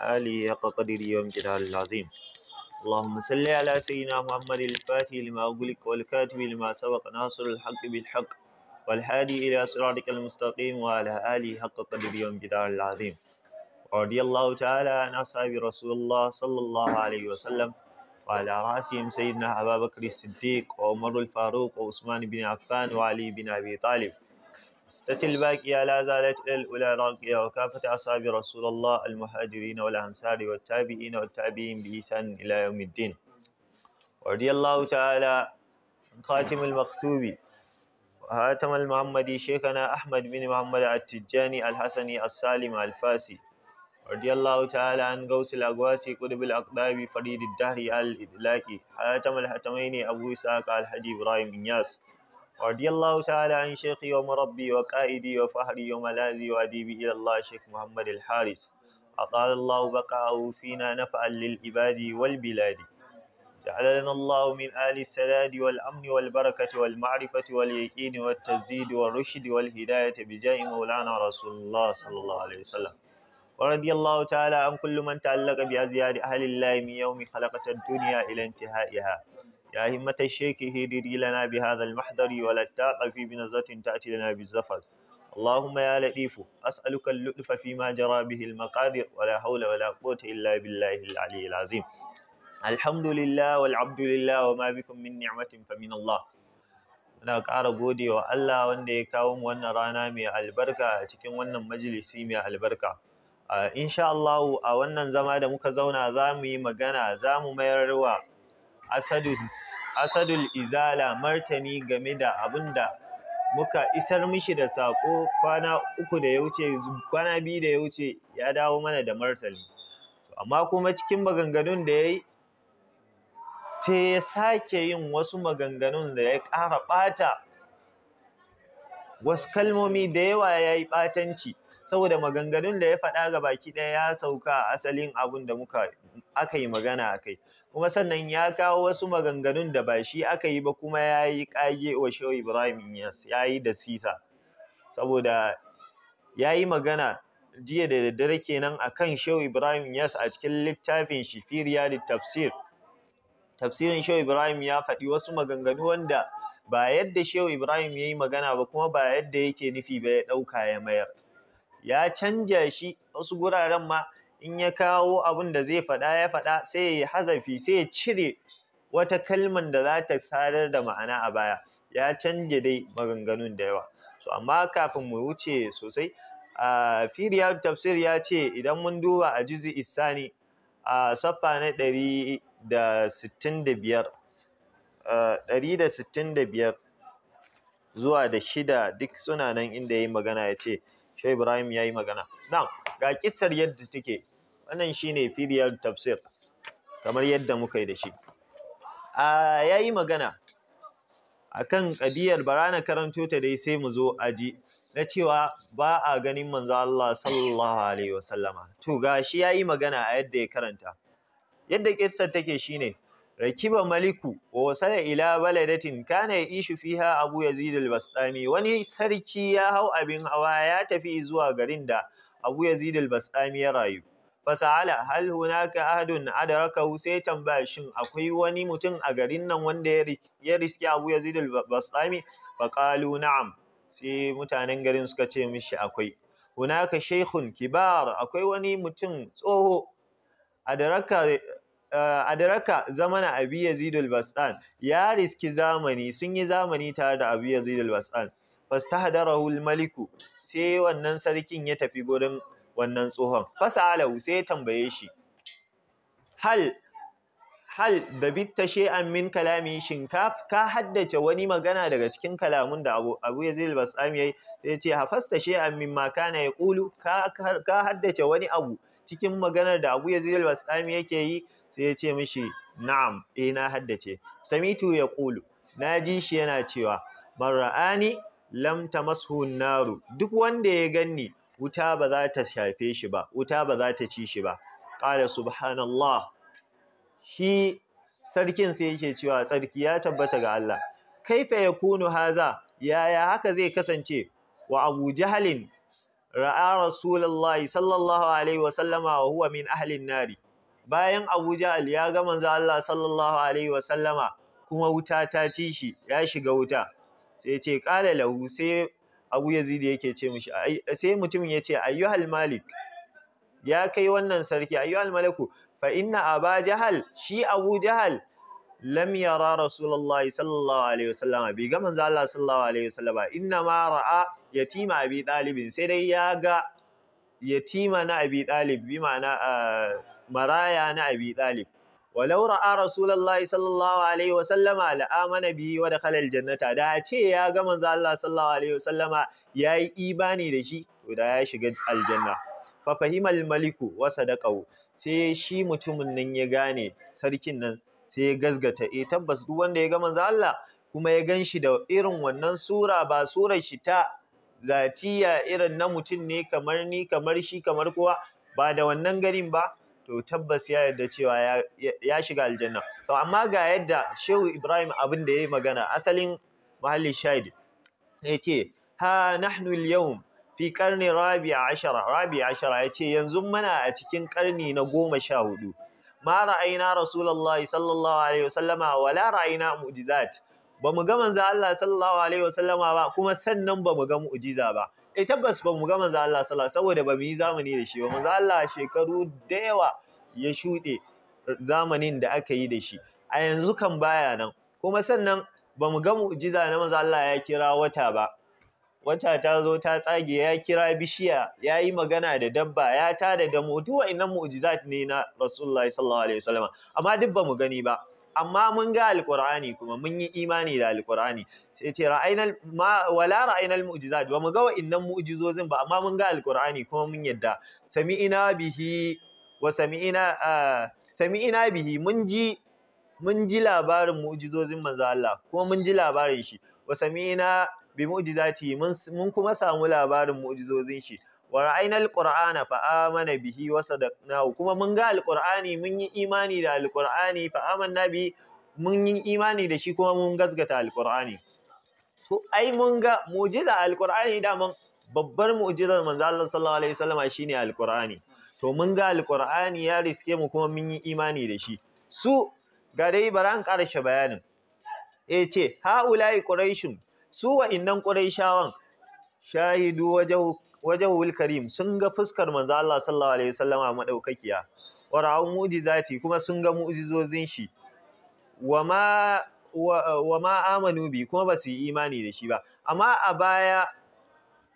آله حق يوم جلال العظيم اللهم صل على سيدنا محمد الفاتح لما أغلق والكاتب لما سبق ناصر الحق بالحق والحادي إلى صراطك المستقيم وعلى آله حق يوم جلال العظيم رضي الله تعالى عن أصحاب رسول الله صلى الله عليه وسلم وعلى رأسهم سيدنا أبا بكر الصديق وعمر الفاروق وعثمان بن عفان وعلي بن أبي طالب ستة الباقية لا زالت إلى الأولى راقية وكافة أصحاب رسول الله المهاجرين والأنصار والتابعين والتابعين بإحسان إلى يوم الدين ورضي الله تعالى خاتم المكتوب وهاتم المحمدي شيخنا أحمد بن محمد التجاني الحسني السالم الفاسي رضي الله تعالى عن قوس الأقواسي قدب الأقطاب فريد الدهر الإدلاكي حاتم الحتمين أبو إسحاق الحجي إبراهيم إنياس ورضي الله تعالى عن شيخي ومربي وقائدي وفهري وملاذي وأديبي إلى الله شيخ محمد الحارس أطال الله بقاءه فينا نفعا للعباد والبلاد جعلنا الله من آل السداد والأمن والبركة والمعرفة واليقين والتسديد والرشد والهداية بجاه مولانا رسول الله صلى الله عليه وسلم ورضي الله تعالى عن كل من تعلق بأزياد أهل الله من يوم خلقت الدنيا إلى انتهائها يا همة الشيخ هدري لنا بهذا المحضر ولا التاق في بنظرة تأتي لنا بالزفر اللهم يا لطيف أسألك اللطف فيما جرى به المقادر ولا حول ولا قوة إلا بالله العلي العظيم الحمد لله والعبد لله وما بكم من نعمة فمن الله muna ƙara gode wa Allah wanda ya kawo mu wannan rana mai albarka a cikin wannan majalisi mai albarka insha Allah a wannan zama da muka zauna za mu yi magana za mu mayar wa asadul izala martani game da abin da muka isar mishi da sako kwana uku da ya wuce kwana biyu da ya wuce ya dawo mana da martani amma kuma cikin maganganun da ya yi sai ya sake yin wasu maganganun da ya ƙara ɓata wasu kalmomi da yawa ya yi ɓatanci saboda maganganun da ya faɗa ga baki ɗaya ya sauka a asalin abin da muka aka yi magana a kai kuma sannan ya kawo wasu maganganun da ba shi aka yi ba kuma ya yi ƙage wa shehu ibrahim yas... ya yi da sisa saboda ya yi magana jiya da daddare kenan kan shehu ibrahim yas a cikin littafin shi fi da tafsir tafsirin shehu ibrahim ya faɗi wasu maganganu wanda ba yadda shehu ibrahim ya yi magana ba kuma ba yadda yake nufi ba ya ɗauka ya mayar ya canja shi wasu guraren ma in ya kawo abin da zai faɗa ya faɗa sai ya yi hazafi sai ya cire wata kalman da za ta sadar da ma'ana a baya ya canje dai maganganun da yawa so amma kafin mu wuce sosai a ya tafsir ya ce idan mun duba a juzi isani a saffa na ɗari biyar zuwa da shida duk suna nan inda ya yi magana ya ce shai Ibrahim ya yi magana. Nan, ga kisar yadda take. wannan shine firiyar tafsir kamar yadda muka yi da shi a yi magana akan kadiyar barana karanto ta dai sai mu zo aji na cewa ba a ganin manzo Allah sallallahu alaihi wasallama to gashi yayi magana a yadda ya karanta yadda kissar take shine rakiba maliku wa wasala ila baladatin kana yishu fiha abu yazid al-bastami wani sarki ya hau abin hawa ya tafi zuwa garin da abu yazid al ya rayu fasala hal hunaka ahadun adrakahu sai tambaya shin akwai wani mutum a garin nan wanda ya riski Abu Yazid al-Bastami faqalu na'am sai mutanen garin suka ce mishi akwai hunaka shaykhun kibar akwai wani mutum tsoho adraka eh, adraka zamana Abi Yazid al ya riski zamani sun yi zamani tare da Abi Yazid al fastahdarahu al-maliku sai wannan sarkin ya tafi gurin wannan tsohon fasalahu sai ya tambaye shi hal hal da bitta shay'an min kalami shinkaf ka haddace wani magana daga cikin kalamun da Abu Abu Yazid al-Basami yayi sai ce hafasta shay'an min ma kana yaqulu ka ka haddace wani abu cikin maganar da Abu Yazid al-Basami yake yi sai ya ce mishi na'am eh na haddace samitu yaqulu naji shi yana cewa man ra'ani lam tamashu naru duk wanda ya ganni wuta ba za ta shafe shi ba wuta ba za ta ci shi ba qala subhanallah shi sarkin sai yake cewa sarki ya tabbata ga Allah kaifa yakunu haza yaya haka zai kasance wa Abu Jahalin ra'a Rasulullahi sallallahu alaihi wasallama wa huwa min ahlin nari bayan Abu Jahal ya ga manzo Allah sallallahu alaihi wasallama kuma wuta ta ci shi ya shiga wuta sai ce qala lahu sai abu yazid yake ce mishi sai mutumin ya ce ayyuhal malik ya kai wannan sarki ayyuhal malaku fa inna aba jahal shi abu jahal lam yara rasulullahi sallallahu alaihi wasallam bi ga manzo Allah sallallahu alaihi wasallam inna ma ra'a yatima abi dalibin sai dai ya ga yatima na abi dalib bi ma'ana ah, maraya na abi dalib walau ra'a rasulallah sallallahu alaihi wa sallama la'amana bihi wa dakhala aljannata da ce ya ga manzo Allah sallallahu alaihi wa sallama yayi imani da shi to da ya shiga aljanna fa fahimal maliku wa sadaqahu sai shi mutumin nan ya gane sarkin nan sai ya gazgata eh tabbas duk wanda ya ga manzo Allah kuma ya ganshi da irin wannan sura ba surar shi ta zatiya irin na mutum ne kamar ni kamar shi kamar kowa ba da wannan garin ba to tabbas ya yarda cewa ya shiga aljanna to amma ga yadda Shehu Ibrahim abin da yi magana asalin mahallin shahid yace ha nahnu al-yawm fi qarni rabi'a ashara rabi'a ashara yace yanzu muna a cikin karni na goma sha hudu ma ra'ayna rasulullahi sallallahu alaihi wasallama wala ra'ayna mu'jizat bamu ga manzo Allah sallallahu alaihi wasallama ba kuma sannan bamu ga mu'jiza ba E tabbas ba mu ga manzo Allah sallallahu saboda ba mu yi zamani da shi ba manzo Allah shekaru da yawa ya shuɗe zamanin da aka yi da shi a yanzu kan baya nan kuma sannan ba mu ga mu'jiza na manzo Allah ya kira wata ba wata ta zo ta tsage ya kira bishiya ya yi magana da dabba ya ta da damo duk wa'annan mu'jizat ne na Rasulullah sallallahu alaihi wasallam amma duk ba mu gani ba amma mun ga alqur'ani kuma mun yi imani da alqur'ani sai ce ra'ainal ma wala ra'ainal mu'jizat wa muga wa'innan mu'jizozin ba amma mun ga alqur'ani kuma mun yadda sami'ina bihi wa sami'ina sami'ina bihi mun ji mun ji labarin mu'jizozin manzo Allah kuma mun ji labarin shi wa sami'ina bi mu'jizati mun kuma samu labarin mu'jizozin shi wa ra'ainal qur'ana fa amana bihi wa sadaqnahu kuma mun ga alqur'ani mun yi imani da alqur'ani fa amanna bi mun yi imani da shi kuma mun gazgata alqur'ani to ai mun ga mu'jiza alqur'ani mun babbar mu'jizar manzo Allah sallallahu alaihi wasallama shine alqur'ani to mun ga alqur'ani ya riske mu kuma mun yi imani da shi su ga dai baran karshe bayanin yace eh ce haulai quraishun su wa wa'innan quraishawan shahidu wajahu wajahu karim sun ga fuskar manzo Allah sallallahu alaihi wasallama madaukakiya wa ra'u mu'jizati kuma sun ga mu'jizozin shi wa ma wa ma amanu bi kuma ba su yi imani da shi ba amma a baya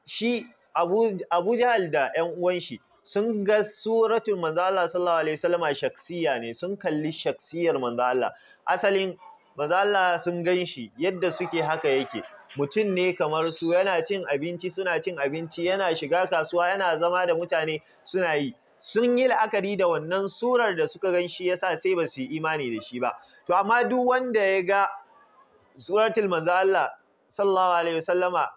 shi Abu Jahal da yan uwan shi sun ga suratul manzo Allah sallallahu alaihi wasallama shaksiya ne sun kalli shaksiyar manzo Allah asalin manzo Allah sun ganshi yadda suke haka yake mutum ne kamar su yana cin abinci suna cin abinci yana shiga kasuwa yana zama da mutane suna yi sun yi la'akari da wannan surar da suka ganshi shi yasa sai ba su yi imani da shi ba to amma duk wanda ya ga suratul manzo Allah sallallahu alaihi wasallama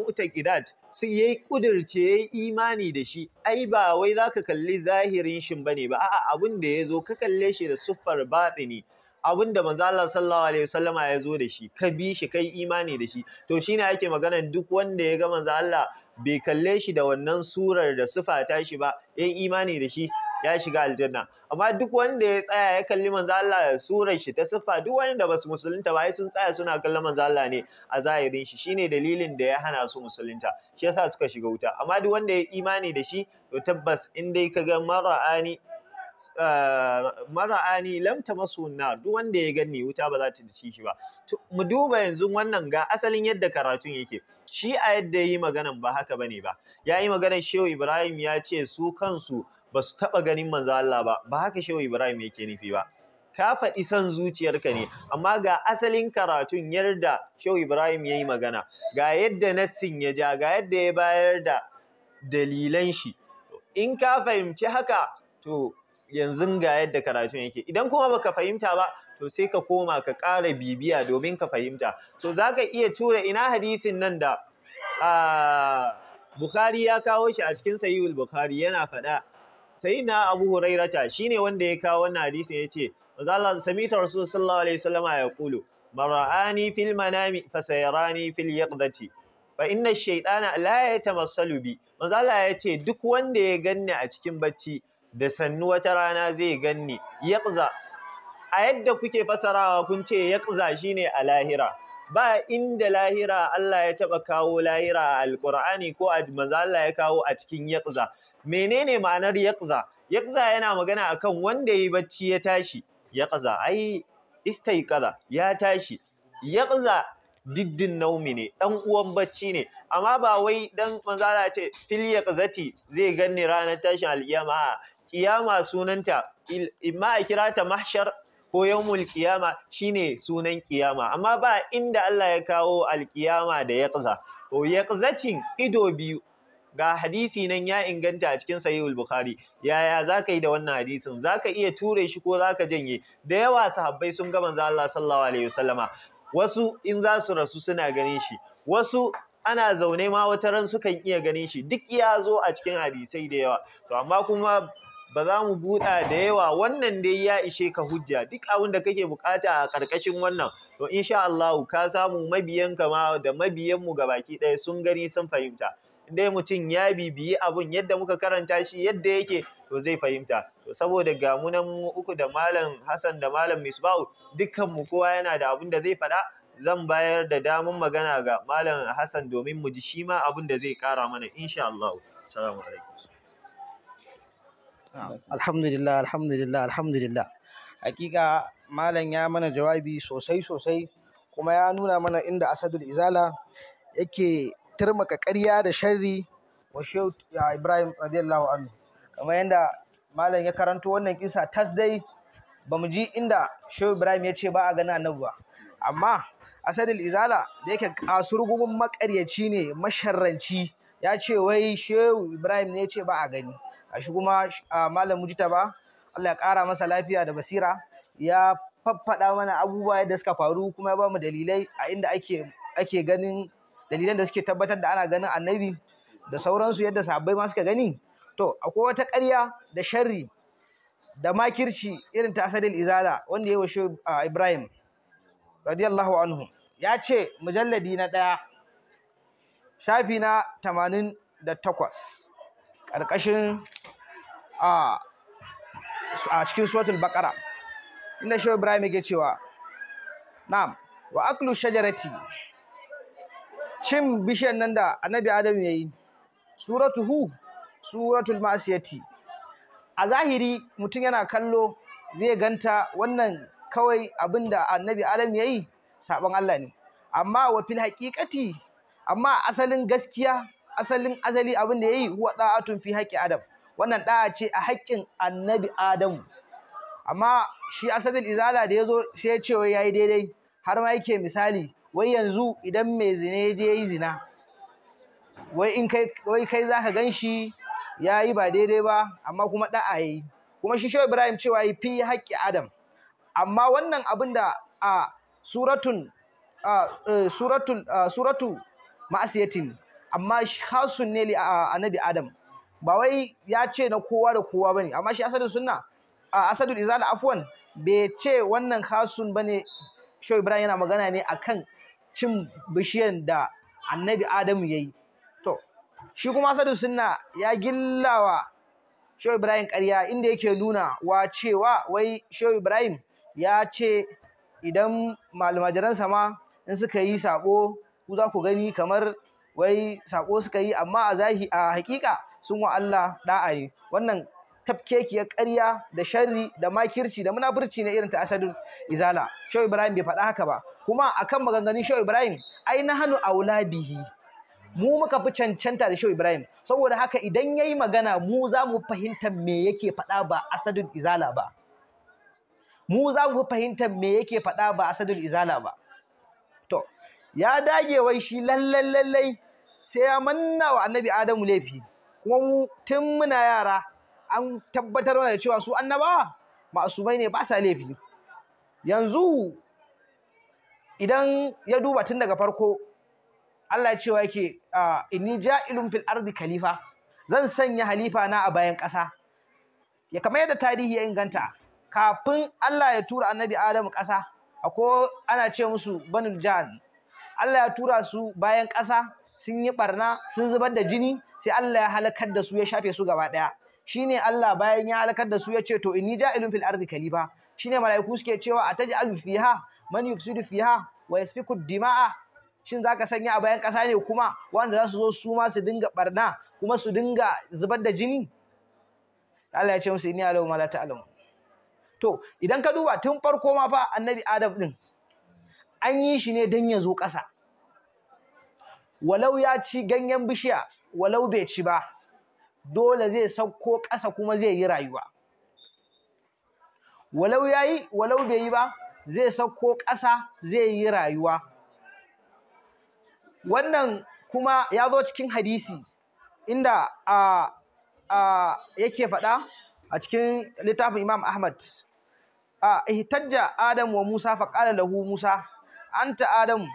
mu'taqidat sai yayi kudirce yayi imani da shi ai ba wai zaka kalli zahirin shin bane ba a'a abin da zo, ka kalle shi da siffar batini abin da manzo Allah sallallahu alaihi wasallama ya zo da shi ka bi shi kai imani da shi to shine ake magana duk wanda ya ga manzo Allah bai kalle shi da wannan surar da sufa ta shi ba yin imani da shi ya shiga aljanna amma duk wanda ya tsaya ya kalli manzo Allah da surar shi ta siffa duk wanda ba su musulunta ba sun tsaya suna kallon manzo Allah ne a zahirin shi shine dalilin da ya hana su musulunta shi yasa suka shiga wuta amma duk wanda ya imani da shi to tabbas in dai kaga mara'ani eh, mara'ani lam masu na duk wanda ya gani wuta ba za ta ci shi ba mu duba yanzu wannan ga asalin yadda karatun yake shi a yadda yi maganan ba haka bane ba ya yi maganan shehu ibrahim ya ce su kansu ba su taɓa ganin manzo Allah ba ba haka shehu Ibrahim yake nufi ba ka faɗi son zuciyarka ne amma ga asalin karatun yarda shehu Ibrahim yayi magana ga yadda nassin ya ja ga yadda ya bayar da dalilan shi in ka fahimci haka to yanzu ga yadda karatun yake idan kuma baka fahimta ba to sai ka koma ka ƙara bibiya domin ka fahimta to zaka iya tura ina hadisin nan da ah, Bukhari ya kawo shi a cikin Sahihul Bukhari yana faɗa na Abu Hurairata shine wanda ya kawo wannan hadisin yace manzo Allah samita rasul sallallahu alaihi wasallama ya kulu mara'ani fil manami fasayarani fil yaqdati fa inna shaytana la yatamassalu bi manzo Allah yace duk wanda ya ganni a cikin bacci da sannu wata rana zai ganni yaqza a yadda kuke fasarawa kun ce yaqza shine a lahira ba inda lahira Allah ya taba kawo lahira a alqur'ani ko a manzo ya kawo a cikin yaqza menene ma'anar yaqza yaqza yana magana akan wanda yayi bacci ya tashi yaqza ai istaiqaza ya tashi yaqza diddin naumi ne dan uwan bacci ne amma ba wai dan manzala ce fil yaqzati zai ganni ranar tashin alkiyama kiyama sunanta imma a kira ta mahshar ko yawmul kiyama shine sunan kiyama amma ba inda Allah ya kawo alkiyama da yaqza to yaqzatin ido biyu ga hadisi nan ya inganta a cikin sahihul bukhari yaya zaka yi da wannan hadisin zaka iya ture shi ko zaka janye da yawa sahabbai sun ga manzo Allah sallallahu alaihi wasallama wasu in za su rasu suna ganin shi wasu ana zaune ma wata ran kan iya ganin shi duk ya zo a cikin hadisai da yawa to amma kuma ba za mu buɗa da yawa wannan dai ya ishe ka hujja duk abin da kake bukata a ƙarƙashin wannan to insha Allah ka samu mabiyanka ma da mabiyanmu baki ɗaya sun gani sun fahimta dai mutum ya bibiyi abun yadda muka karanta shi yadda yake to zai fahimta to saboda ga mu nan mu uku da malam Hassan da malam Misbahu dukkan mu kowa yana da abun da zai faɗa zan bayar da damun magana ga malam Hassan domin mu ji shi ma abun da zai kara mana insha Allah assalamu alaikum alhamdulillah alhamdulillah alhamdulillah hakika malam ya mana jawabi sosai sosai kuma ya nuna mana inda asadul izala yake turmuka ƙarya da sharri wa shehu Ibrahim radiyallahu anhu kamar yadda malam ya karanto wannan kisa tas dai bamu ji inda shehu Ibrahim ya ce ba a gani annabi ba amma asadil izala da yake kasurgumin makaryaci ne masharranci ya ce wai shehu Ibrahim ne ya ce ba a gani a shi kuma malam mujita ba Allah ya kara masa lafiya da basira ya faffaɗa mana abubuwa yadda suka faru kuma ya ba mu dalilai a inda ake ganin dalilan da suke tabbatar da ana ganin annabi da sauransu yadda sahabbai ma suka gani to akwai wata ƙarya da sharri da makirci irin ta asadil izala wanda ya shi Ibrahim radiyallahu anhu ya ce mujalladi na ɗaya shafi na tamanin da takwas ƙarƙashin a cikin suratul baƙara inda shi Ibrahim yake cewa na'am wa aklu shajarati cin bishiyan nan da annabi adam ya yi hu suratul masiyati a zahiri mutum yana kallo zai ganta wannan kawai abinda annabi adam ya yi saɓon Allah ne amma wa fil haƙiƙati amma asalin gaskiya asalin azali abin da ya yi huwa ɗa'atun fi haƙƙi adam wannan ɗa'a ce a haƙƙin annabi adamu amma shi asalin izala da ya zo sai ya ce wai ya yi daidai har ma yake misali wai yanzu idan mai zine ya je yi zina wai in kai za ka gan shi ya yi ba daidai ba amma kuma da'a ya yi kuma shi shehu ibrahim cewa ya fi haƙƙi adam amma wannan abin da a suratun e, suratun suratu ma'asiyatin amma hasun ne a annabi adam ba wai ya ce na kowa da kowa bane amma shi asadul sunna asadun izala afwan bai ce wannan ba bane shehu ibrahim yana magana ne akan cin bishiyan da annabi Adamu ya yi. To, shi kuma Asadu Sunna ya gillawa Shehu Ibrahim karya, inda yake nuna wa cewa wai Shehu Ibrahim ya ce idan malumajiransa ma in suka yi saƙo ku za ku gani kamar wai saƙo suka yi amma a zahi a hakika sun wa Allah da'a ne wannan tafkekiyar ƙarya da sharri da makirci da munafurci na irin ta asadun izala shau ibrahim bai faɗa haka ba kuma akan maganganun shau ibrahim ai na hannu a wula bihi mu muka fi cancanta da shau ibrahim saboda haka idan ya yi magana mu za mu fahimta me yake faɗa ba asadun izala ba mu za mu fahimta me yake faɗa ba asadun izala ba to ya dage wai shi lallai lallai sai ya manna wa annabi adamu laifi kuma mu tun muna yara an tabbatar da cewa su annabawa ma'asumai ne ba sa laifi yanzu idan ya duba tun daga farko Allah ya cewa yake inni ja'ilun fil ardi khalifa zan sanya halifa na a bayan ƙasa ya kamar yadda tarihi ya inganta kafin Allah ya tura annabi Adamu ƙasa ko ana ce musu banu jan Allah ya tura su bayan ƙasa sun yi barna sun zubar da jini sai Allah ya halakar da su ya shafe su gaba ɗaya shine Allah bayan ya halakar da su ya ce to inni ja'ilun fil ardi khalifa shine mala'iku suke cewa a alu fiha man yufsidu fiha wa yasfiku dima'a shin zaka sanya a bayan kasa ne kuma wanda za su zo su ma su dinga barna kuma su dinga zubar da jini Allah ya ce musu inni alamu ma la to idan ka duba tun farko ma fa annabi adam din an yi shi ne dan ya zo kasa walau ya ci ganyen bishiya walau bai ci ba dole zai sauko ƙasa kuma zai yi rayuwa walau ya yi, walau bai yi ba zai sauko ƙasa zai yi rayuwa wannan kuma ya zo cikin hadisi inda a yake faɗa a cikin littafin Imam Ahmad a ihtajja Adam wa Musa faqala lahu Musa anta Adam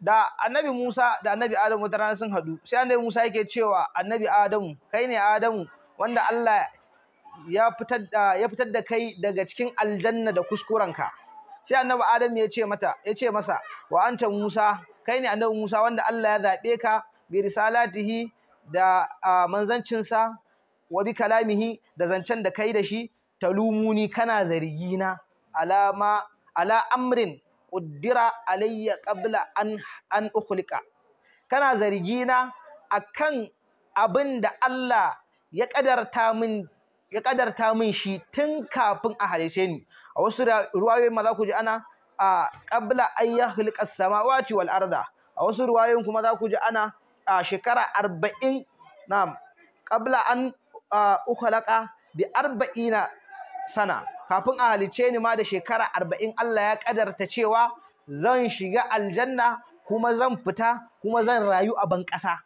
da annabi Musa da annabi Adamu wata rana sun haɗu sai annabi Musa yake cewa annabi Adamu kai ne Adamu wanda Allah ya fitar da kai daga cikin aljanna da kuskurenka sai annabi Adamu ya ce mata ya ce masa wa anta Musa kai ne annabi Musa wanda Allah ya zaɓe ka bi risalatihi da manzancinsa wa bi kalamihi da zancen da kai da shi talumuni kana zargina alama ala amrin ƙuddira alayya ƙabla an, an ukhliqa kana zargi zargina akan abin da Allah ya ƙadarta min ya ƙadarta min shi tun kafin a halice ni a wasu ruwayoyin ma za ku ji ana a ƙabla an ya hulƙa samawati wal arda a wasu ruwayoyin kuma za ku ji ana a shekara arba'in na ƙabla an ukhalaƙa bi arba'ina sana kafin a halice ni ma da shekara arba'in Allah ya kadarta cewa zan shiga aljanna kuma zan fita kuma zan rayu a ban ƙasa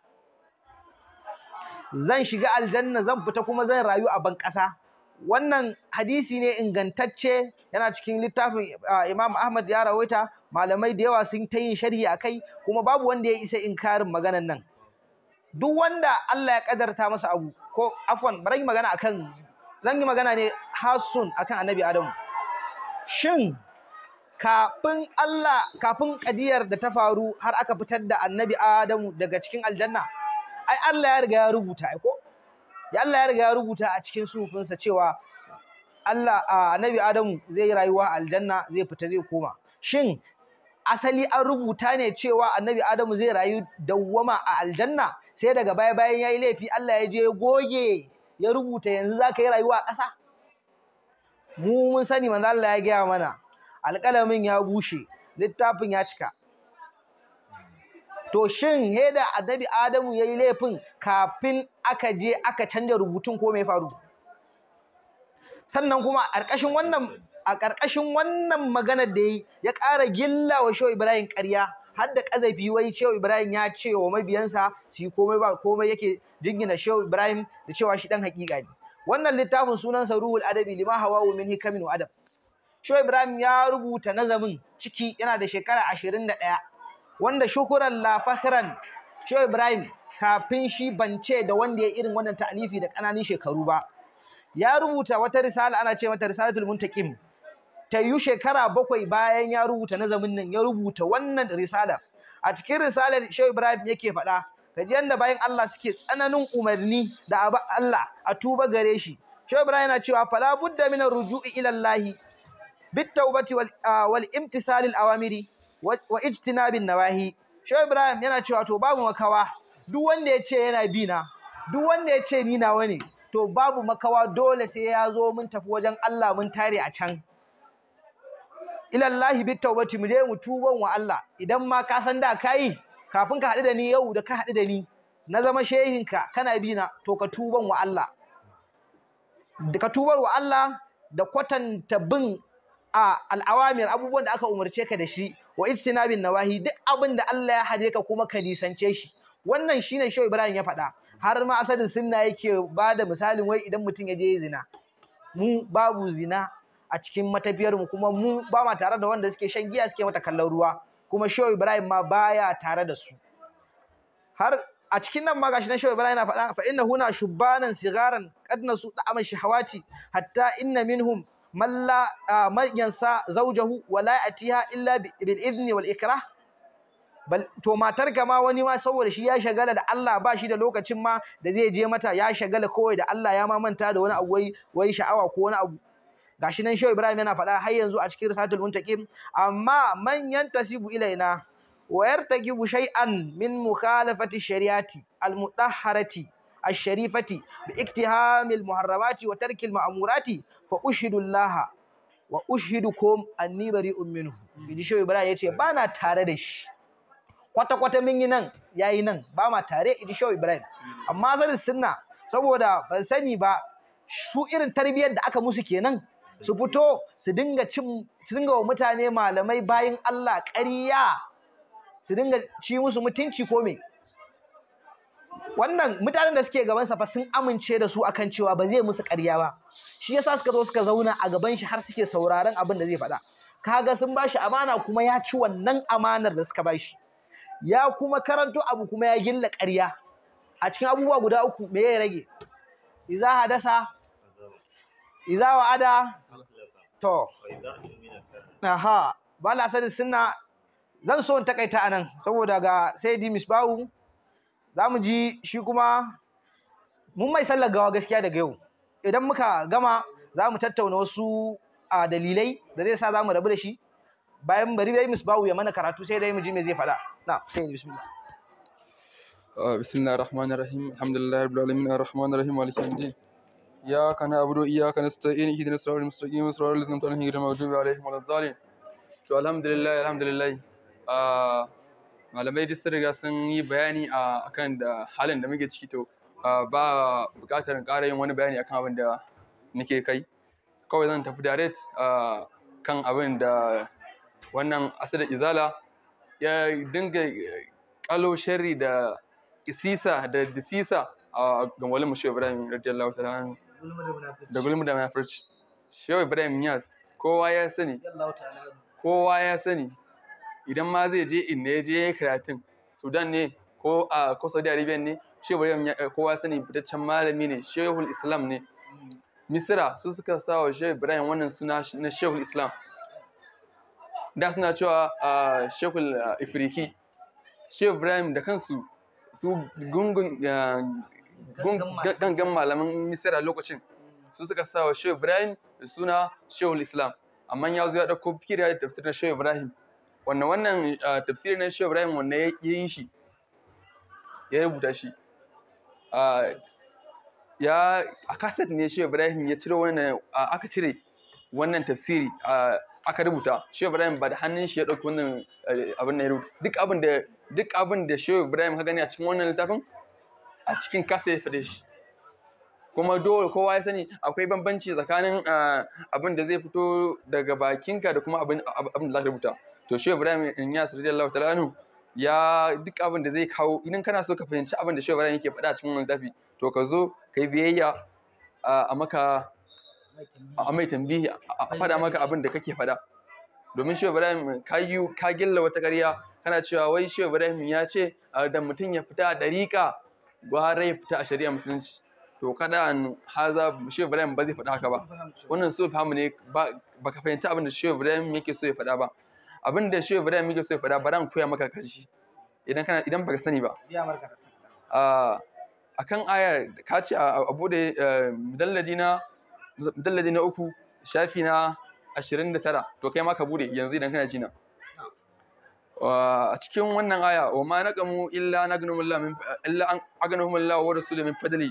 zan shiga aljanna zan fita kuma zan rayu a ban ƙasa wannan hadisi ne ingantacce yana cikin littafin Imam Ahmad ya rawaita malamai da yawa sun ta yin sharhi kai, kuma babu wanda ya isa inkarin maganan nan duk wanda Allah ya kadarta masa abu ko afwan bari magana akan zan yi magana ne hasun akan annabi Adamu shin kafin Allah kafin kadiyar da ta faru har aka fitar da annabi Adamu daga cikin aljanna ai Allah ya riga ya rubuta ai ko ya Allah ya riga ya rubuta a cikin sufinsa cewa Allah annabi Adamu zai yi rayuwa a aljanna zai fita zai koma shin asali an rubuta ne cewa annabi Adamu zai rayu dawwama a aljanna sai daga baya bayan yayi laifi Allah ya je ya goge ya rubuta yanzu zaka yi rayuwa a ƙasa mu mun sani manzo Allah ya gaya mana alƙalamin ya bushe littafin ya cika to shin he da annabi Adamu yayi laifin kafin aka je aka canja rubutun ko me faru sannan kuma a ƙarƙashin wannan a ƙarƙashin wannan maganar da yi ya ƙara gilla wa shehu Ibrahim ƙarya har da ƙazafi wai shehu Ibrahim ya ce wa mabiyansa su yi komai ba komai yake jingina shehu Ibrahim da cewa shi ɗan haƙiƙa ne wannan littafin sunansa ruhul adabi lima hawawu min hikamin wa adab sho ibrahim ya rubuta nazamin ciki yana da shekara 21 wanda shukuran la fakran sho ibrahim kafin shi bance da wanda ya irin wannan ta'alifi da kananin shekaru ba ya rubuta wata risala ana ce mata risalatul muntakim ta yi shekara bakwai bayan ya rubuta nazamin nan ya rubuta wannan risalar a cikin risalar sho ibrahim yake faɗa kaji yanda bayan Allah suke tsananin umarni da abu Allah a tuba gare shi Shi Ibrahim yana cewa fala budda min ruju'i ila Allah bit tawbati wal, wal imtisal al awamiri wa ijtinabin nawahi Shi Ibrahim yana cewa to babu makawa duk wanda ya ce yana bi na duk wanda ya ce ni nawa ne to babu makawa dole sai ya zo mun tafi wajen Allah mun tare a can ilallahi bit tawbati mu je mu tuban wa Allah idan ma ka san da kai kafin ka haɗu da ni yau da ka haɗu da ni na zama shehinka kana bi na to ka tuban wa Allah da ka tubar wa Allah da kwatanta bin a al'awamir abubuwan da aka umarce ka da shi wa ijtinabin nawahi duk abin da Allah ya hade ka kuma ka lisance shi wannan shine Shehu Ibrahim ya faɗa har ma asadin sunna yake ba da misalin wai idan mutum ya je zina mu babu zina a cikin matafiyarmu kuma mu ba ma tare da wanda suke shan giya suke mata kallon ruwa kuma shehu ibrahim ma baya tare da su har a cikin nan ma gashi na shehu ibrahim na faɗa fa inna huna shubbanan sigaran qad nasu da'aman shahawati hatta inna minhum man la man yansa zawjahu wa la atiha illa bil idni wal ikrah bal to matar ka ma wani ma saboda shi ya shagala da Allah ba shi da lokacin ma da zai je mata ya shagala kawai da Allah ya ma manta da wani abu wai sha'awa ko wani abu gashi nan shehu ibrahim yana faɗa har yanzu a cikin risalatul muntaqim amma man yantasibu ilaina wa yartaqibu shay'an min mukhalafati shari'ati al-mudahharati Sharifati. الشريفة باقتهام Ushidu وترك wa فأشهد الله وأشهدكم أني بريء منه Ibrahim yace bana tare da shi. kwata kwata min yi nan yayi nan ba ma tare idi shehu Ibrahim amma zan sunna saboda ban sani ba su irin tarbiyyar da aka musu kenan su fito su dinga cin su dinga wa mutane malamai bayan Allah ƙarya su dinga ci musu mutunci ko me wannan mutanen da suke gabansa fa sun amince da su akan cewa ba zai musu ƙarya ba shi yasa suka zo suka zauna a gaban shi har suke sauraron abin da zai faɗa kaga sun bashi amana kuma ya ci wannan amanar da suka bashi ya kuma karanto abu kuma ya gilla ƙarya a cikin abubuwa guda uku me ya rage idza hadasa iza ada to aha bala sani sunna zan so in takaita anan saboda ga sayyidi misbahu zamu ji shi kuma mun mai sallar gawa gaskiya daga yau idan muka gama zamu tattauna wasu a dalilai da zai sa zamu rabu da shi bayan bari dai misbahu ya mana karatu sai dai mu ji me zai faɗa na sai bismillah بسم الله الرحمن الرحيم الحمد لله رب العالمين الرحمن الرحيم مالك يوم الدين إياك نعبد وإياك نستعين اهدنا الصراط المستقيم صراط الذين أنعمت عليهم غير المغضوب عليهم ولا الضالين to alhamdulillah alhamdulillah malamai duk sun riga sun yi bayani a kan da halin da muke ciki to ba buƙatar ƙara yin wani bayani akan abin da nake kai kawai zan tafi direct kan abin da wannan asirin izala ya dinga kalo sharri da isisa da disisa a gamwalin mashi ibrahim radiyallahu ta'ala da gulma da munafurci shehu ibrahim yas kowa ya sani kowa ya sani idan ma zai je inda ya je karatun sudan ne ko a ko saudi arabia ne shehu ibrahim kowa sani fitaccen malami ne Shehu islam ne misira su suka sa wa shehu ibrahim wannan suna na Shehu islam da suna cewa Shehu ifriki shehu ibrahim da kansu su gungun gangan malaman misira lokacin mm. su suka sa wa shehu ibrahim da suna shehu islam amma ya zo ya ɗauko fikira da tafsirin shehu ibrahim wannan wannan tafsirin na shehu ibrahim wannan ya yi shi ya rubuta shi ya a kaset ne shehu ibrahim ya cire wannan aka cire wannan tafsiri aka rubuta shehu ibrahim ba da hannun shi ya ɗauki wannan eh, abin na ya rubuta duk abin da duk abin da shehu ibrahim ka gani a cikin wannan littafin a cikin kasa shi. kuma dole kowa ya sani akwai bambanci tsakanin ah, abin da zai fito daga bakinka da kuma abin da za ka rubuta to shi Ibrahim Inyas radiyallahu ta'ala anhu ya duk abin da zai kawo idan kana so ka fahimci abin da shi Ibrahim yake faɗa cikin wannan zafi, to ka zo ka biyayya a maka a mai tambihi a faɗa maka abin da kake faɗa domin shi Ibrahim ka yi ka gilla wata ƙarya kana cewa wai shi Ibrahim ya ce da mutum ya fita a dariƙa gwara ya fita a shari'a musulunci to kada an haza shehu ibrahim ba zai faɗa haka ba wannan so fahimu ne ba ka fahimta abin da shehu ibrahim yake so ya faɗa ba abin da shehu ibrahim yake so ya faɗa bara an koya maka kashi idan kana idan baka sani ba a akan aya ka ce a abu eh, da mujalladi na uku shafi na ashirin da tara to kai ma ka bude yanzu idan kana jina a cikin wannan aya wa ma naqamu illa naghnumullah min illa an aghnumullah wa rasuluhu min fadli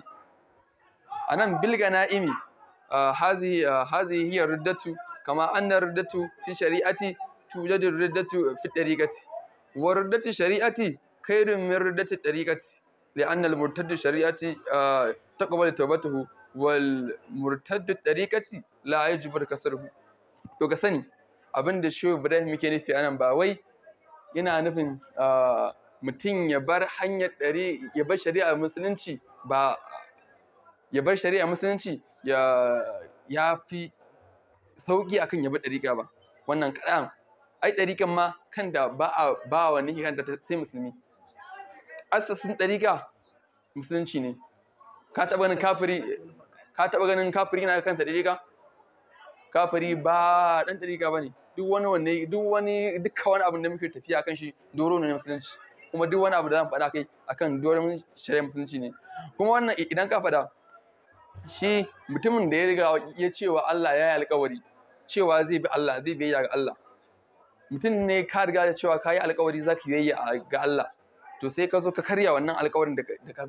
anan bil ganaimi hazihi hazihi hiya riddatu kama anna riddatu fi shari'ati tujadu riddatu fi tariqati wa riddatu shari'ati khairun min riddati tariqati لأن المرتد الشريعة تقبل توبته والمرتد الطريقة لا يجبر كسره to ka sani abin da shehu ibrahim yake nufi anan ba wai yana nufin ah, mutum ya bar hanyar ɗari ya bar shari'a musulunci ba ya bar shari'a musulunci ya ya fi sauƙi akan ya bar ɗariƙa ba wannan kaɗan ai ɗariƙan ma kan da ba a ba wa kan da sai musulmi asasin ɗariƙa musulunci ne ka taɓa ganin kafiri ka taɓa ganin kafiri na kanta ɗariƙa kafiri ba ɗan ɗariƙa ba ne duk wani wanne duk wani duka wani abin da muke tafiya kan shi doro ne na musulunci kuma duk wani abu da zan faɗa kai akan doron shari'a musulunci ne kuma wannan idan ka faɗa shi mutumin da ya riga ya cewa Allah ya yi alƙawari cewa zai bi Allah zai biyayya ga Allah mutum ne ka riga ya cewa ka yi alƙawari za ka biyayya ga Allah to sai ka zo ka karya wannan alƙawarin da ka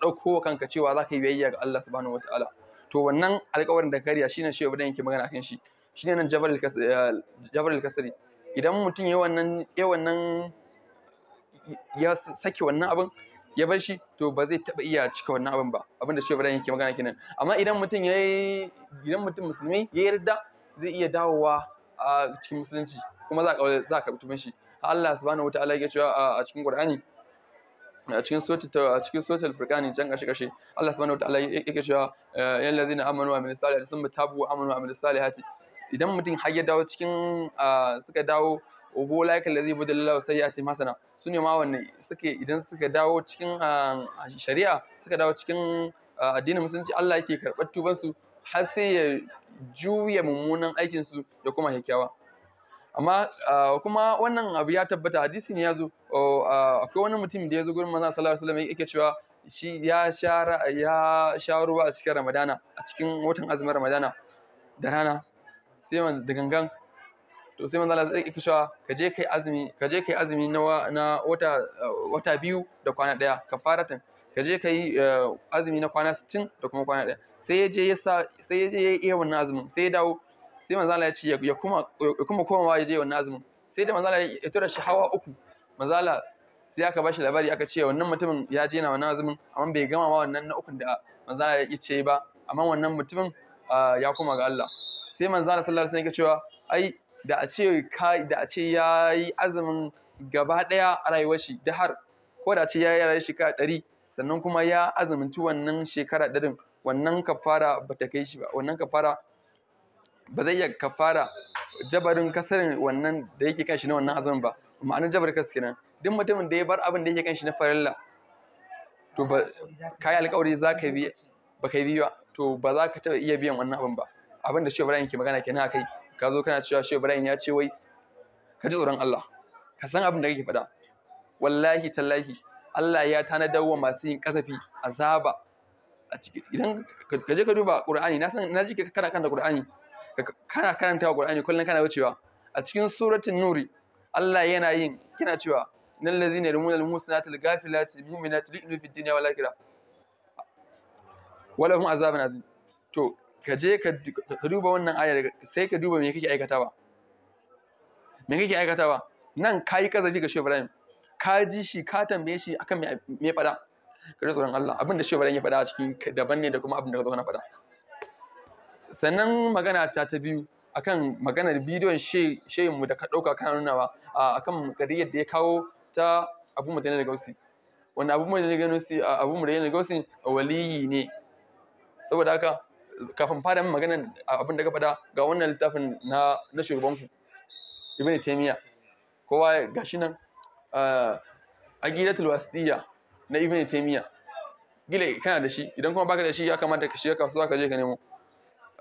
ɗauko wa kanka cewa za ka yi biyayya ga Allah subhanahu wataala to wannan alƙawarin da ka karya shine shi abin da yake magana kan shi shine nan jabar jabal eh, kasri idan mutum ya wannan ya wannan ya saki wannan abin ya bar shi to ba zai taba iya cika wannan abin ba abin da Shehu Ibrahim yake magana kenan amma idan mutum ya idan mutum musulmi ya yarda zai iya dawowa a cikin musulunci kuma za a za ka mutum shi Allah subhanahu wataala ya cewa a cikin Qur'ani a cikin ta a cikin suratul furqani jan kashe kashe Allah subhanahu wataala yake cewa eh, yal ladzina amanu wa amilus salihati summa tabu wa amanu wa amilus salihati idan mutum har ya dawo cikin suka dawo ogo laika lazi budallahu ce hasana su ne ma wannan suke idan suka dawo cikin shari'a suka dawo cikin addinin musulunci Allah yake karɓar tubansu har sai ya juya mummunan aikin su ya kuma kyakkyawa amma kuma wannan abu ya tabbata hadisi ne ya zo akwai wani mutum da ya zo gurin manzon sallallahu alaihi wasallam yake cewa shi ya sha ya sha ruwa a cikin Ramadana a cikin watan azumin Ramadana da rana sai man da gangan to sai manzo Allah sai yake ka je kai azumi ka je kai azumi na na wata eh, wata biyu da kwana daya kafaratan ka je kai eh, azumi na kwana 60 da kuma kwana daya sai ya je ya sa sai ya je ya yi wannan azumin sai ya dawo sai manzo Allah ya ce ya kuma ya kuma komawa ya je wannan azumin sai da manzo Allah ya tura shi hawa uku manzo Allah sai aka bashi labari aka ce wannan mutumin ya je na wannan azumin amma bai gama ma wannan na ukun da manzo Allah ya ce ba amma wannan mutumin eh, ya koma ga Allah sai manzo Allah sallallahu alaihi wasallam yake cewa ai da a ce kai da a ce yayi azumin gaba daya a rayuwar shi da har ko da a ce yayi rayuwar ka ɗari sannan kuma ya azumunci wannan shekara dadin? wannan kafara ba ta kai shi ba wannan kafara ba zai iya kafara jabarin kasarin wannan da yake kan shi na wannan azumin ba ma'anar jabar kasu kenan duk mutumin da ya bar abin da yake kan shi na farilla to ba kai alƙawari za ka bi ba kai biya to ba za ka taɓa iya biyan wannan abin ba abin da Shehu Ibrahim ke magana kenan akai ka zo kana cewa Shehu Ibrahim ya ce wai ka ji tsoron Allah ka san abin da kake faɗa wallahi tallahi Allah ya tanadar wa masu yin kasafi azaba a ciki idan ka je ka duba Qur'ani na san na ji ka kana karanta Qur'ani kana karanta Qur'ani kullun kana wucewa a cikin suratul nuri Allah yana yin kina cewa nan lazina yarmuna al-musinati al-ghafilati mu'minati li'nu fid dunya wal akhirah walahum azabun azim to ka je ka duba wannan ayar sai ka duba me kake aikatawa me kake aikatawa nan kai kazafi ga Shehu Ibrahim ka ji shi ka tambaye shi akan me fada ka ji tsoron Allah abin da Shehu Ibrahim ya fada a cikin daban ne da kuma abin da ka zo na fada sannan magana ta ta biyu akan maganar bidiyon shehu mu da ka dauka kan nunawa akan kadiyar da ya kawo ta Abu mu da Gausi wanda Abu mu da Gausi Abu mu da Gausi waliyi ne saboda haka kafin fara min magana abin da ka faɗa ga wannan littafin na na shugaban ku ibn taymiya kowa gashi nan aqidatul wasitiyya na ibn taymiya gile kana da shi idan kuma baka da shi ya kamata ka shiga kasuwa ka je ka nemo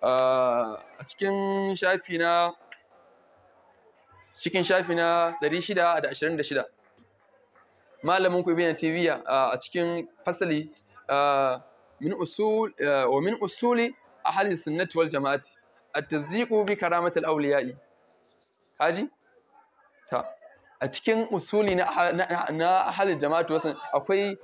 a cikin shafi na cikin shafi na 626 malamin ku ibn taymiya a cikin fasali min usul wa min usuli ahli sunnati wal jama'ati at-tasdiqu bi karamatil awliya'i kaji ta a cikin usuli na na ahli jama'atu wasan akwai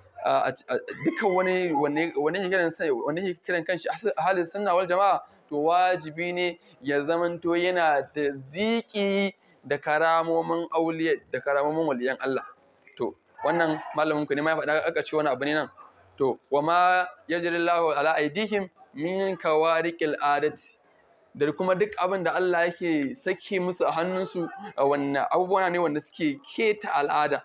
dukkan wani wani wani kiran sai wani kiran kanshi ahli sunna wal jama'a to wajibi ne ya to yana tasdiqi da karamomin auliya da karamomin waliyan Allah to wannan malamin ku ne ma ya faɗa aka ce wani abu ne nan to wa ma Allahu ala aidihim min kawariqil adati da kuma duk abin da Allah yake sake musu a hannunsu wannan abubuwa ne wanda suke keta al'ada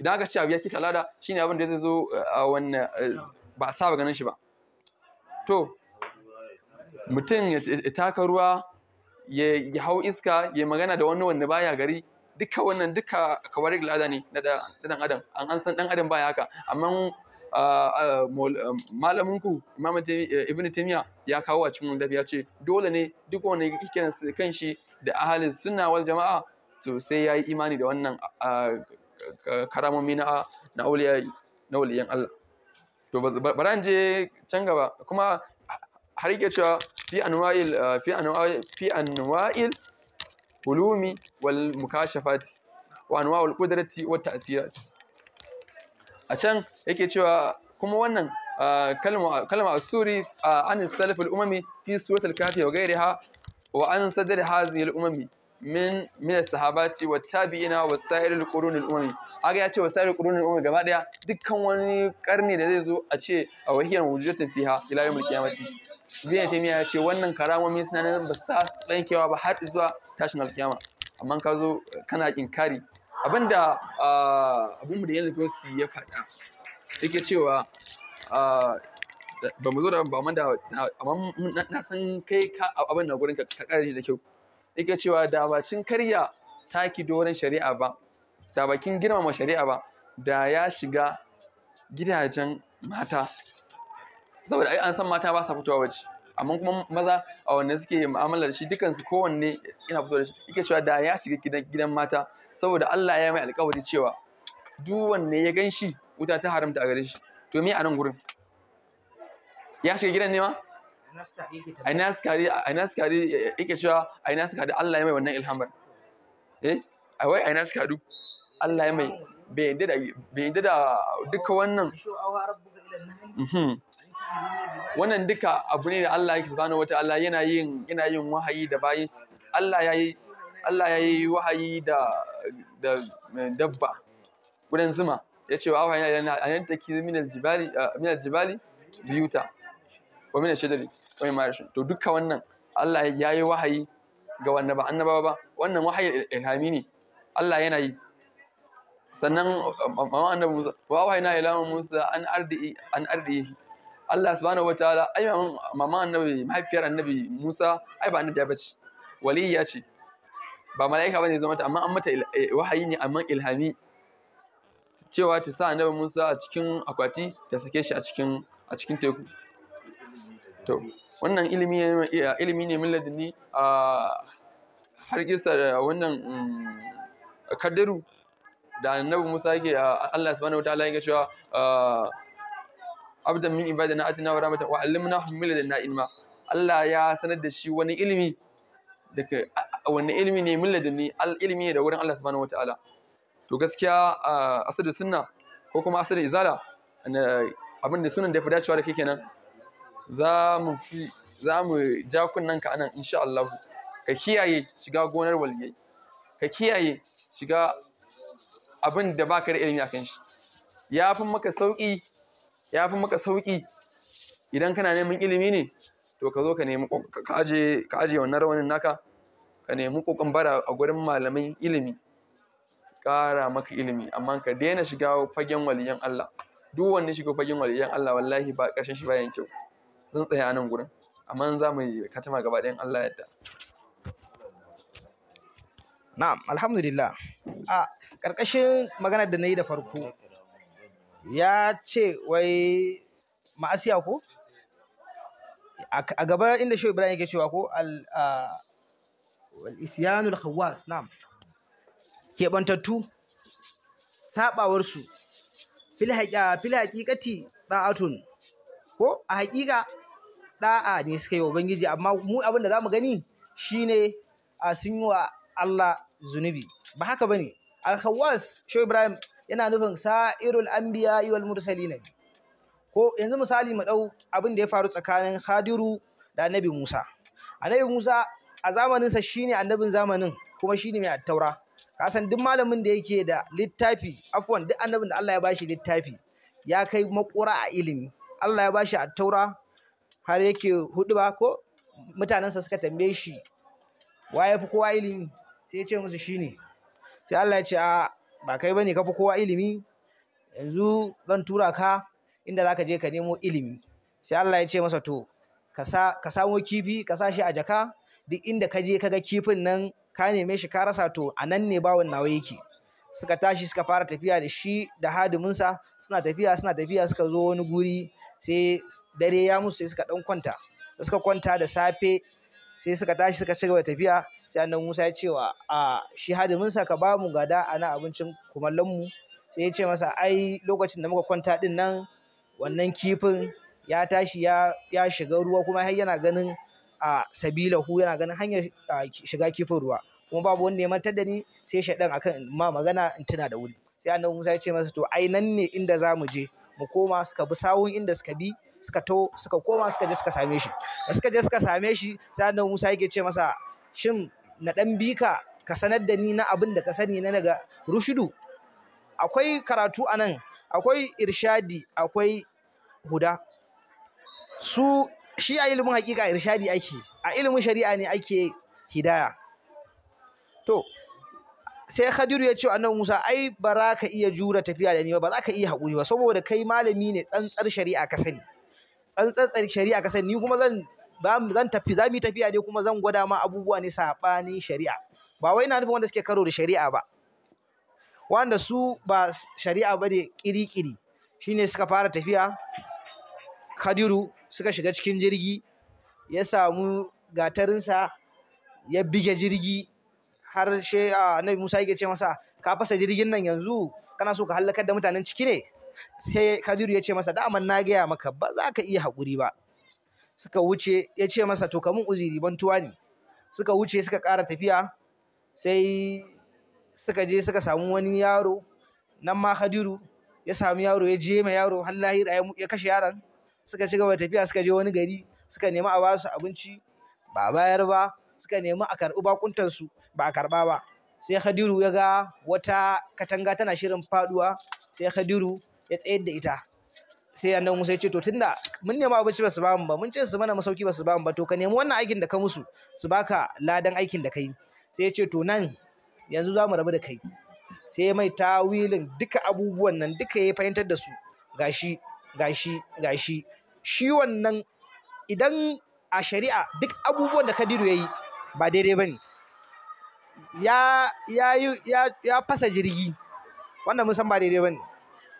idan aka ce abu ya keta al'ada shine abin da zai zo eh, a wannan eh, ba sa ba ganin shi ba to mutum ya taka ruwa ya hau iska ya magana da wani wanda baya gari duka wannan duka kawarin al'ada ne na dan adam an san dan adam baya haka amma Malaminku Imam eh, Ibn Taymiyyah ya kawo a cikin wanda ya ce dole ne duk wani yake kan shi da ahalin sunna wal jama'a to sai yayi imani da wannan karamomi na na na waliyan Allah to baran je can gaba kuma har yake cewa fi anwa'il fi anwa'il fi anwa'il hulumi wal mukashafati wa anwa'ul qudrati wat ta'sirat a can yake cewa kuma wannan kalma asuri anin salaf al-umami fi surat al-kafi wa ghayriha wa an sadr hadhihi al min min sahabati wa tabi'ina wa sa'ir al-qurun al-umami aga ya ce wa sa'ir al-qurun al-umami gaba daya dukkan wani karni da zai zo a ce a wahiyar wujudatin fiha ila yawm qiyamati bin taymiya ya ce wannan karamomi suna nan ba su ta tsankewa ba har zuwa tashin al-qiyama amma ka zo kana inkari abinda abin mu da yanzu gosi ya faɗa yake cewa ba mu zo da ba da amma na san kai ka abin na gurin ka kare da kyau yake cewa da bacin karya taki doron shari'a ba da bakin girmama shari'a ba da ya shiga gidajen mata saboda ai an san mata ba sa fitowa waje amma kuma maza a wanne suke mu'amala da shi dukansu kowanne ina fito da shi yake cewa da ya shiga gidan mata saboda Allah ya mai alƙawari cewa duk wanne ya gan shi wuta ta haramta a gare shi to me a nan gurin ya shiga gidan ne ma aina skari aina skari eh, yake cewa aina skari Allah ya mai wannan ilhamar eh a wai aina skari Allah ya mai bai yadda da bai yadda da duka wannan mhm. wannan duka abu ne da Allah yake subhanahu wataala yana yin yana yin wahayi da bayi? Allah ya yi Allah ya yi wahayi da dabba gudan zuma ya ce wa awa yana an yanta ki minal jibali minal jibali biyuta wa minal shadari wa min marshin to duka wannan Allah ya yi wahayi ga wannan ba annabawa ba wannan wahayi ilhami ne Allah yana yi sannan mama um, um, annabi Musa wa awa yana ila Musa an ardi an ardi Allah subhanahu wataala ai mama annabi mahaifiyar annabi Musa ai ba annabi ya bace waliya ce ba mala'ika bane zama ta amma an mata eh, wahayi ne amma ilhami cewa ta sa annabi Musa a cikin akwati ta sake shi a cikin a cikin teku to wannan ilimi ne eh, ilimi ne min ladini a har kisa wannan mm, kadaru da annabi Musa yake Allah subhanahu wataala yake cewa abdan min ibadana atina wa rahmatan wa allimna min ladina ilma Allah ya sanar da shi wani ilimi daga wanne ilimi ne mun ladunni al ilimi ne da wurin Allah subhanahu wataala to gaskiya asadu sunna ko kuma asadu izala abin da sunan da ya fi dacewa da kai nan, za mu fi za mu ja kunnan ka anan insha Allah ka kiyaye shiga gonar waliyai ka kiyaye shiga abin da baka da ilimi akan shi Yafin maka sauki yafin maka sauki idan kana neman ilimi ne to ka zo ka nemi ka aje ka aje wannan rawanin naka ka nemi kokon bara a gurin malamin ilimi su ƙara maka ilimi amma ka daina shiga fagen waliyan Allah duk wanda shiga fagen waliyan Allah wallahi ba ƙarshen shi bayan kyau zan tsaya a nan gurin amma za mu yi katama gaba ɗayan Allah yadda na'am alhamdulillah a ƙarƙashin maganar da na yi da farko ya ce wai ma'asiya ko a gaba inda shehu ibrahim yake cewa ko isyanul khawas na'am keɓantattu saɓawarsu fil haqiqati da'atun ko a haqiqa Da'a ne suka yi wa Ubangiji amma mu abin da za mu gani shine a sun yi wa Allah zunubi ba haka ba ne alhawas shi Ibrahim yana nufin sa'irul anbiya wal mursalin ko yanzu misali mu ɗau abin da ya faru tsakanin Hadiru da Annabi Musa Annabi Musa a zamaninsa shine annabin zamanin kuma shine mai attaura kasan duk malamin da yake da littafi afwan duk annabin da Allah ya bashi littafi ya kai makura a ilimi Allah ya bashi attaura har yake hudu ba? ko mutanensa suka tambaye shi waye fi kowa ilimi sai ya ce musu shine sai Allah ya ce a ba kai bane ka fi kowa ilimi yanzu zan tura ka inda zaka je ka nemo ilimi sai Allah ya ce masa to ka samo kifi ka sa shi a jaka duk inda ka je ka ga kifin nan ka neme shi ka rasa to a nan ne bawan nawa yake suka tashi suka fara tafiya da shi da hadiminsa suna tafiya suna tafiya suka zo wani guri sai dare ya musu sai suka dan kwanta suka kwanta da safe sai suka tashi suka ci gaba da tafiya sai annabi Musa ya ce wa a shi hadiminsa ka ba mu gada na abincin kumallon mu sai ya ce masa ai lokacin da muka kwanta din nan wannan kifin ya tashi ya shiga ruwa kuma har yana ganin a sabilahu yana ganin hanyar shiga kifin ruwa kuma babu wanda ya mantar da ni sai shaɗan akan ma magana in tuna da wuri sai annabi Musa ya ce masa to ai nan ne inda za mu je mu koma suka bi sawun inda suka bi suka to suka koma suka je suka same shi da suka je suka same shi sai annabi Musa yake ce masa shin na dan bika ka sanar da ni na abin da ka sani na daga rushudu akwai karatu anan akwai irshadi akwai huda su shi a ilimin hakika irshadi ake a ilimin shari'a ne ake hidaya to sai Khadiru ya ce annabi Musa ai ba za ka iya jura tafiya da ni ba za ka iya haƙuri ba saboda kai malami ne tsantsar shari'a ka sani tsantsar shari'a ka sani ni kuma zan zan tafi za mu tafiya ne kuma zan gwada ma abubuwa ne sabanin shari'a ba wai na nufin wanda suke karo da shari'a ba wanda su ba shari'a ba ne kiri-kiri shine suka fara tafiya Khadiru suka shiga cikin jirgi ya samu gatarinsa ya bige jirgi har she annabi Musa yake ce masa ka fasa jirgin nan yanzu kana so ka halakar da mutanen ciki ne sai Kadiru ya ce masa da na gaya maka ba za ka iya haƙuri ba suka wuce ya ce masa to kamun uziri bantuwa ne suka wuce suka ƙara tafiya sai suka je suka samu wani yaro nan ma Kadiru ya samu yaro ya je ma yaro har lahira ya kashe yaron suka ci gaba tafiya suka je wani gari suka nemi a basu abinci ba bayar ba suka nemi a karɓi bakuntansu ba a karɓa ba sai Khadiru ya ga wata katanga tana shirin faduwa sai Khadiru ya tsayar da ita sai annabi Musa ya ce to tunda mun nemi abinci ba su ba mu ba mun ce su mana masauki ba su ba mu ba to ka nemi wannan aikin da ka musu su baka ladan aikin da kai sai ya ce to nan yanzu za mu rabu da kai sai mai tawilin duka abubuwan nan duka ya fahimtar da su gashi gashi gashi shi wannan idan a shari'a duk abubuwan da Kadiru yayi ba daidai bane ya ya fasa jirgi wanda mun san ba daidai bane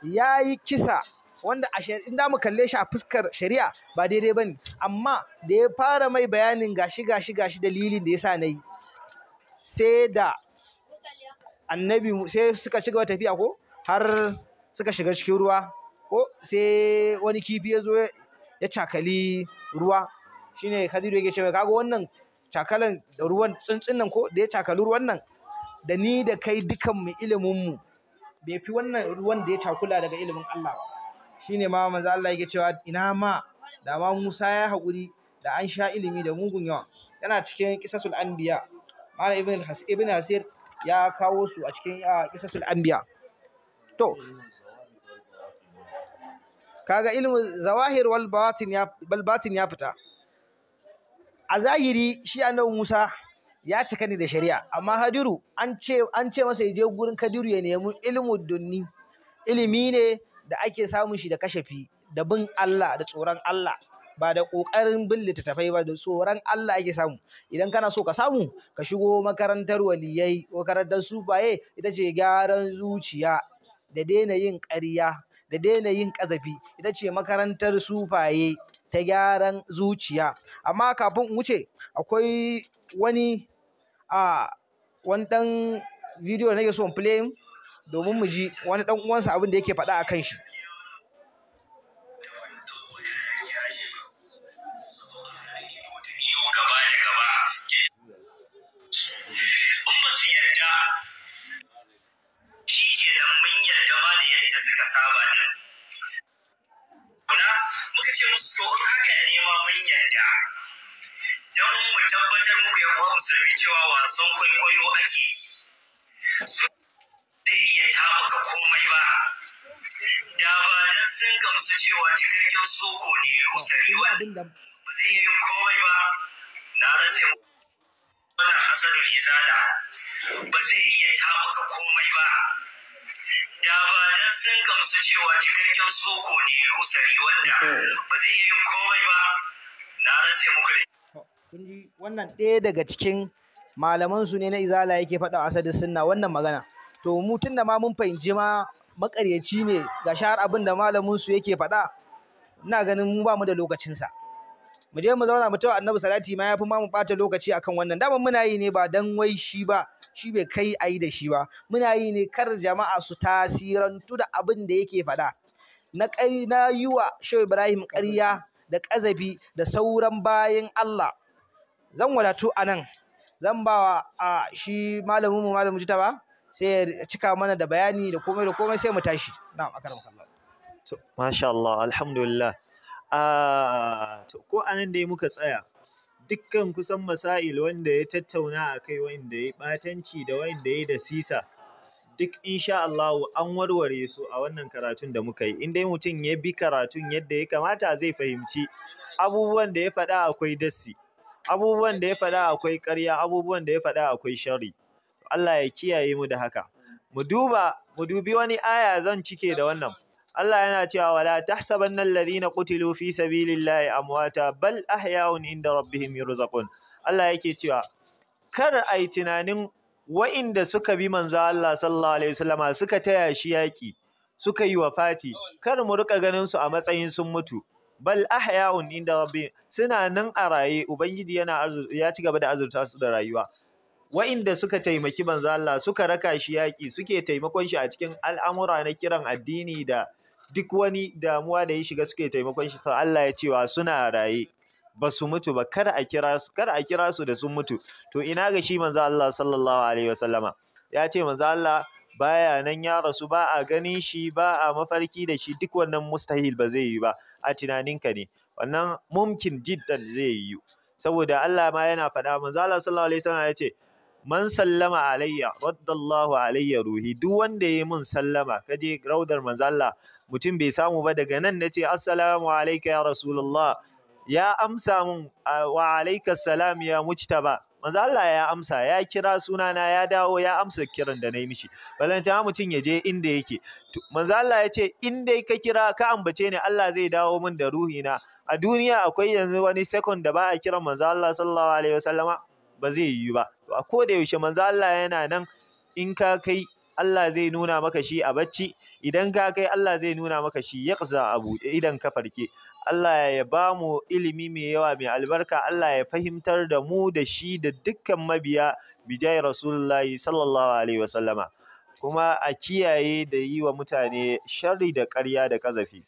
ya yi kisa wanda a in da mu kalle shi a fuskar shari'a ba daidai bane amma da ya fara mai bayanin gashi gashi gashi dalilin da yasa nayi sai da annabi sai suka ci gaba tafiya ko har suka shiga cikin ruwa ko sai wani kifi ya zo ya cakali ruwa shine kadiru yake cewa kaga wannan cakalan da ruwan tsuntsun nan ko da ya cakali ruwan nan da ni da kai dukan mu ilimin mu bai fi wannan ruwan da ya cakula daga ilimin Allah ba shine ma manzo Allah yake cewa ina ma da ma Musa ya hakuri da an sha ilimi da mugun yawa yana cikin kisasul anbiya mala ibn ibn hasir ya kawo su a cikin kisasul anbiya to kaga ilmu zawahir wal batin ya bal batin ya fita a zahiri shi annabi Musa ya cika ni da shari'a amma hadiru an ce an ce masa je gurin kadiru ya nemi ilmu dunni ilimi ne da ake samun shi da kashafi da bin Allah da tsoron Allah ba da ƙoƙarin bin littattafai ba da tsoron Allah ake samu idan kana so ka samu ka shigo makarantar waliyai makarantar sufaye ita ce gyaran zuciya da daina yin ƙarya da daina yin ƙazafi ita ce makarantar sufaye ta gyaran zuciya amma kafin in wuce akwai wani a wani ɗan bidiyo da nake so in domin mu ji wani ɗan uwansa abin da yake faɗa a kan shi musulmi cewa wasan kwaikwayo ake yi su zai iya tabuka komai ba da ba dan sun gamsu cewa cikakken soko ne lusari ba ba zai iya yin komai ba na rasa wannan hasadul izala ba zai iya tabuka komai ba da ba dan sun gamsu cewa cikakken soko ne lusari wanda ba zai iya yin komai ba na rasa muku da kun wannan ɗaya daga cikin malaman su ne na izala yake faɗa wa sunna wannan magana to mu tunda ma mun fahimci ma makaryaci ne ga shahar abin da malamin su yake faɗa ina ganin mu ba mu da lokacinsa mu je mu zauna mu tawa annabi salati ma yafi ma mu ɓata lokaci akan wannan daman muna yi ne ba dan wai shi ba shi bai kai ayi da shi ba muna yi ne kar jama'a su tasirantu da abin da yake faɗa na kai na yi wa shehu ibrahim ƙarya da ƙazafi da sauran bayan allah zan wadatu a nan zan ba wa shi malamin mu malamin jita ba sai ya cika mana da bayani da komai da komai sai mu tashi na'am akaram to masha Allah alhamdulillah to ko anan da muka tsaya dukkan kusan masail wanda ya tattauna a kai wanda ya batanci da wanda ya da sisa duk insha Allah an warware su a wannan karatun da muka yi in dai mutum ya bi karatun yadda ya kamata zai fahimci abubuwan da ya faɗa akwai dassi abubuwan da ya faɗa akwai ƙarya abubuwan da ya faɗa akwai sharri Allah ya kiyaye mu da haka mu duba mu dubi wani aya zan cike da wannan Allah yana cewa wala tahsabanna alladhina qutilu fi sabilillahi amwata bal ahya'un inda rabbihim yurzaqun Allah yake cewa kar ai tunanin wa'inda suka bi manzo Allah sallallahu alaihi wasallama suka taya shi yaki suka yi wafati kar mu riƙa ganin su a matsayin sun mutu bal ahya'un inda rabbi suna nan a raye ubangiji yana ya ci gaba da azurta su da rayuwa wa'inda suka taimaki manzo Allah suka raka shi yaki suke taimakon shi a cikin al'amura na kiran addini da duk wani damuwa da ya shiga suke taimakon shi to Allah ya cewa suna raye ba su mutu ba kar a kira su kar a kira su da sun mutu to ina ga shi manzo Allah sallallahu alaihi wasallama ya ce manzo Allah baya nan ya rasu ba a ganin shi ba a mafarki da shi duk wannan mustahil ba zai yi ba a tunaninka ne wannan mumkin jiddan zai yi saboda Allah ma yana faɗa manzo Allah sallallahu alaihi wasallam ya ce man sallama alayya raddallahu alayya ruhi duk wanda yayi mun sallama kaje raudar manzo Allah mutum bai samu ba daga nan nace assalamu alayka ya rasulullah ya amsa mun wa alayka salam ya mujtaba manzo Allah ya amsa ya kira sunana ya dawo ya amsa kiran da na yi mishi balanta mutum ya je inda yake manzo Allah ya ce in dai ka kira ka ambace ni Allah zai dawo min da ruhi na a duniya akwai yanzu wani second da ba a kiran manzo Allah sallallahu alaihi wasallama ba zai yi ba to a koda yaushe manzo Allah yana nan in ka kai Allah zai nuna maka shi a bacci idan ka kai Allah zai nuna maka shi a buɗe idan ka farke Allah ya ba mu ilimi mai yawa mai albarka Allah ya fahimtar da mu da shi da dukkan mabiya bijai rasulullahi sallallahu alaihi wasallama kuma a kiyaye da yi wa mutane sharri da karya da kazafi.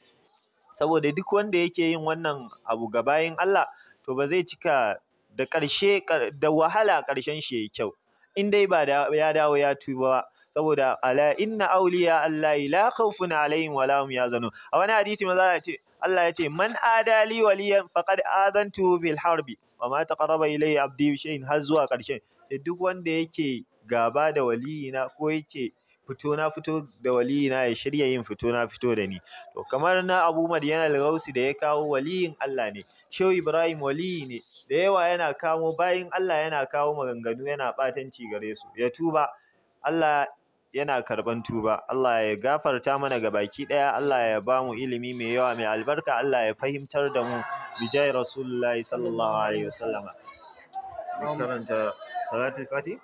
saboda duk wanda yake yin wannan abu ga bayin Allah to ba zai cika da ƙarshe da wahala ƙarshen shi yi kyau in dai ba ya dawo ya tuba ba saboda ala inna awliya allahi la khawfun alaihim wa lahum yazanun a wani hadisi maza ya ce Allah ya ce man adali waliyan faqad adantu bil harbi wa ma taqarraba ilayya abdi bi shay'in har zuwa ƙarshen duk wanda yake gaba da waliyina ko yake fito na fito da waliyina ya shirya yin fito na fito da ni to kamar na Abu Madyan al-Gausi da ya kawo waliyin Allah ne Shehu Ibrahim waliyi ne da yawa yana kamo bayin Allah yana kawo maganganu yana batanci gare su ya tuba Allah yana karɓan tuba Allah ya gafarta mana gabaki ɗaya Allah ya ba mu ilimi mai yawa mai albarka Allah ya fahimtar da mu bijai rasulullahi sallallahu alaihi wasallama karanta salatul fatih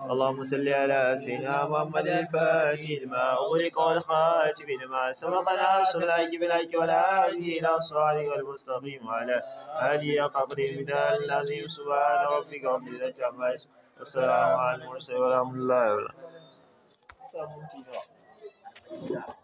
اللهم صل على سيدنا محمد الفاتح لما أغلق والخاتم لما سبق ناصر الحج بالحج والهادي إلى صراطك المستقيم وعلى آله قدر من العظيم سبحان ربك رب العزة عما يصفون والسلام على المرسلين ورحمة الله وبركاته samu minti nawa